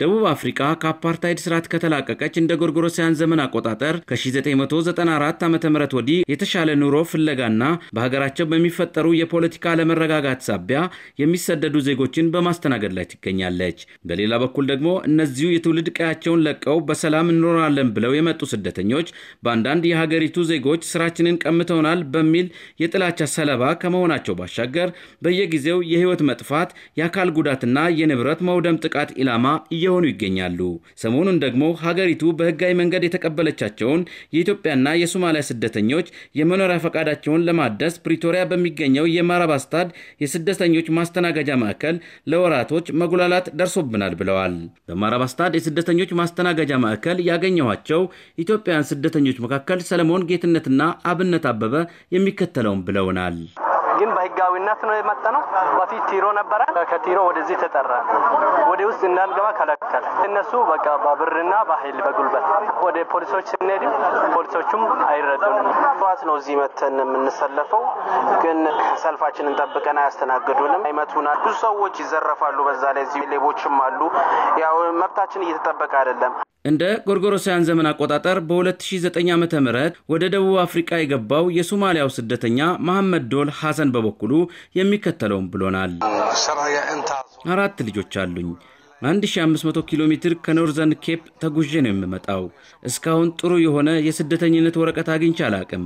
ደቡብ አፍሪካ ከአፓርታይድ ስርዓት ከተላቀቀች እንደ ጎርጎሮሳያን ዘመን አቆጣጠር ከ1994 ዓ ም ወዲህ የተሻለ ኑሮ ፍለጋና በሀገራቸው በሚፈጠሩ የፖለቲካ አለመረጋጋት ሳቢያ የሚሰደዱ ዜጎችን በማስተናገድ ላይ ትገኛለች። በሌላ በኩል ደግሞ እነዚሁ የትውልድ ቀያቸውን ለቀው በሰላም እንኖራለን ብለው የመጡ ስደተኞች በአንዳንድ የሀገሪቱ ዜጎች ስራችንን ቀምተውናል በሚል የጥላቻ ሰለባ ከመሆናቸው ባሻገር በየጊዜው የህይወት መጥፋት፣ የአካል ጉዳትና የንብረት መውደም ጥቃት ኢላማ እየሆኑ ይገኛሉ። ሰሞኑን ደግሞ ሀገሪቱ በህጋዊ መንገድ የተቀበለቻቸውን የኢትዮጵያና የሶማሊያ ስደተኞች የመኖሪያ ፈቃዳቸውን ለማደስ ፕሪቶሪያ በሚገኘው የማራባ ስታድ የስደተኞች ማስተናገጃ ማዕከል ለወራቶች መጉላላት ደርሶብናል ብለዋል። በማራባ ስታድ የስደተኞች ማስተናገጃ ማዕከል ያገኘኋቸው ኢትዮጵያውያን ስደተኞች መካከል ሰለሞን ጌትነትና አብነት አበበ የሚከተለውን ብለውናል። ግን በህጋዊነት ነው የመጣ ነው። በፊት ቲሮ ነበረ። ከቲሮ ወደዚህ ተጠራ። ወደ ውስጥ እንዳንገባ ከለከለ። እነሱ በቃ በብርና በኃይል በጉልበት ወደ ፖሊሶች ስንሄድም ፖሊሶቹም አይረዱንም። ጠዋት ነው እዚህ መተን የምንሰለፈው፣ ግን ሰልፋችንን ጠብቀን አያስተናግዱንም፣ አይመቱናል። ብዙ ሰዎች ይዘረፋሉ። በዛ ላይ እዚህ ሌቦችም አሉ። ያው መብታችን እየተጠበቀ አይደለም። እንደ ጎርጎሮሳውያን ዘመን አቆጣጠር በ2009 ዓ ም ወደ ደቡብ አፍሪቃ የገባው የሶማሊያው ስደተኛ መሐመድ ዶል ሐሰን በበኩሉ የሚከተለውም ብሎናል። አራት ልጆች አሉኝ። 1500 ኪሎ ሜትር ከኖርዘርን ኬፕ ተጉዤ ነው የምመጣው። እስካሁን ጥሩ የሆነ የስደተኝነት ወረቀት አግኝቼ አላቅም።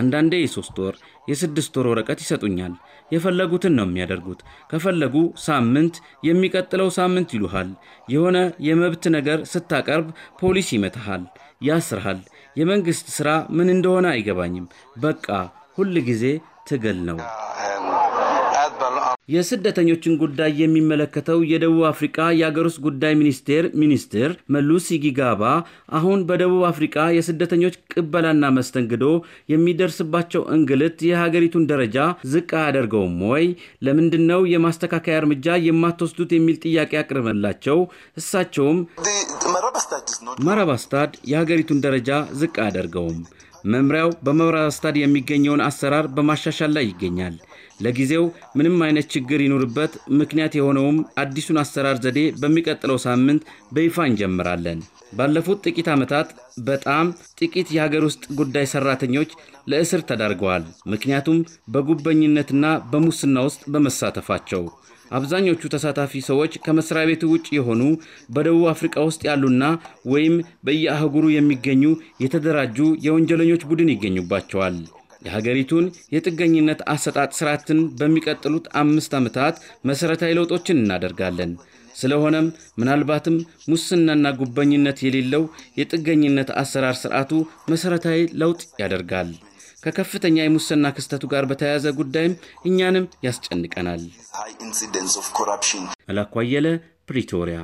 አንዳንዴ የሶስት ወር የስድስት ወር ወረቀት ይሰጡኛል። የፈለጉትን ነው የሚያደርጉት። ከፈለጉ ሳምንት፣ የሚቀጥለው ሳምንት ይሉሃል። የሆነ የመብት ነገር ስታቀርብ ፖሊስ ይመታሃል፣ ያስርሃል። የመንግስት ስራ ምን እንደሆነ አይገባኝም። በቃ ሁል ጊዜ ትግል ነው። የስደተኞችን ጉዳይ የሚመለከተው የደቡብ አፍሪካ የአገር ውስጥ ጉዳይ ሚኒስቴር ሚኒስትር መሉሲ ጊጋባ አሁን በደቡብ አፍሪካ የስደተኞች ቅበላና መስተንግዶ የሚደርስባቸው እንግልት የሀገሪቱን ደረጃ ዝቅ አያደርገውም ወይ? ለምንድን ነው የማስተካከያ እርምጃ የማትወስዱት? የሚል ጥያቄ አቅርበላቸው እሳቸውም ማረባስታድ የሀገሪቱን ደረጃ ዝቅ አያደርገውም መምሪያው በመብራ ስታድ የሚገኘውን አሰራር በማሻሻል ላይ ይገኛል። ለጊዜው ምንም አይነት ችግር ይኑርበት ምክንያት የሆነውም አዲሱን አሰራር ዘዴ በሚቀጥለው ሳምንት በይፋ እንጀምራለን። ባለፉት ጥቂት ዓመታት በጣም ጥቂት የሀገር ውስጥ ጉዳይ ሰራተኞች ለእስር ተዳርገዋል። ምክንያቱም በጉበኝነትና በሙስና ውስጥ በመሳተፋቸው አብዛኞቹ ተሳታፊ ሰዎች ከመስሪያ ቤቱ ውጭ የሆኑ በደቡብ አፍሪካ ውስጥ ያሉና ወይም በየአህጉሩ የሚገኙ የተደራጁ የወንጀለኞች ቡድን ይገኙባቸዋል። የሀገሪቱን የጥገኝነት አሰጣጥ ስርዓትን በሚቀጥሉት አምስት ዓመታት መሠረታዊ ለውጦችን እናደርጋለን። ስለሆነም ምናልባትም ሙስናና ጉበኝነት የሌለው የጥገኝነት አሰራር ስርዓቱ መሠረታዊ ለውጥ ያደርጋል። ከከፍተኛ የሙስና ክስተቱ ጋር በተያያዘ ጉዳይም እኛንም ያስጨንቀናል። መላኩ አየለ ፕሪቶሪያ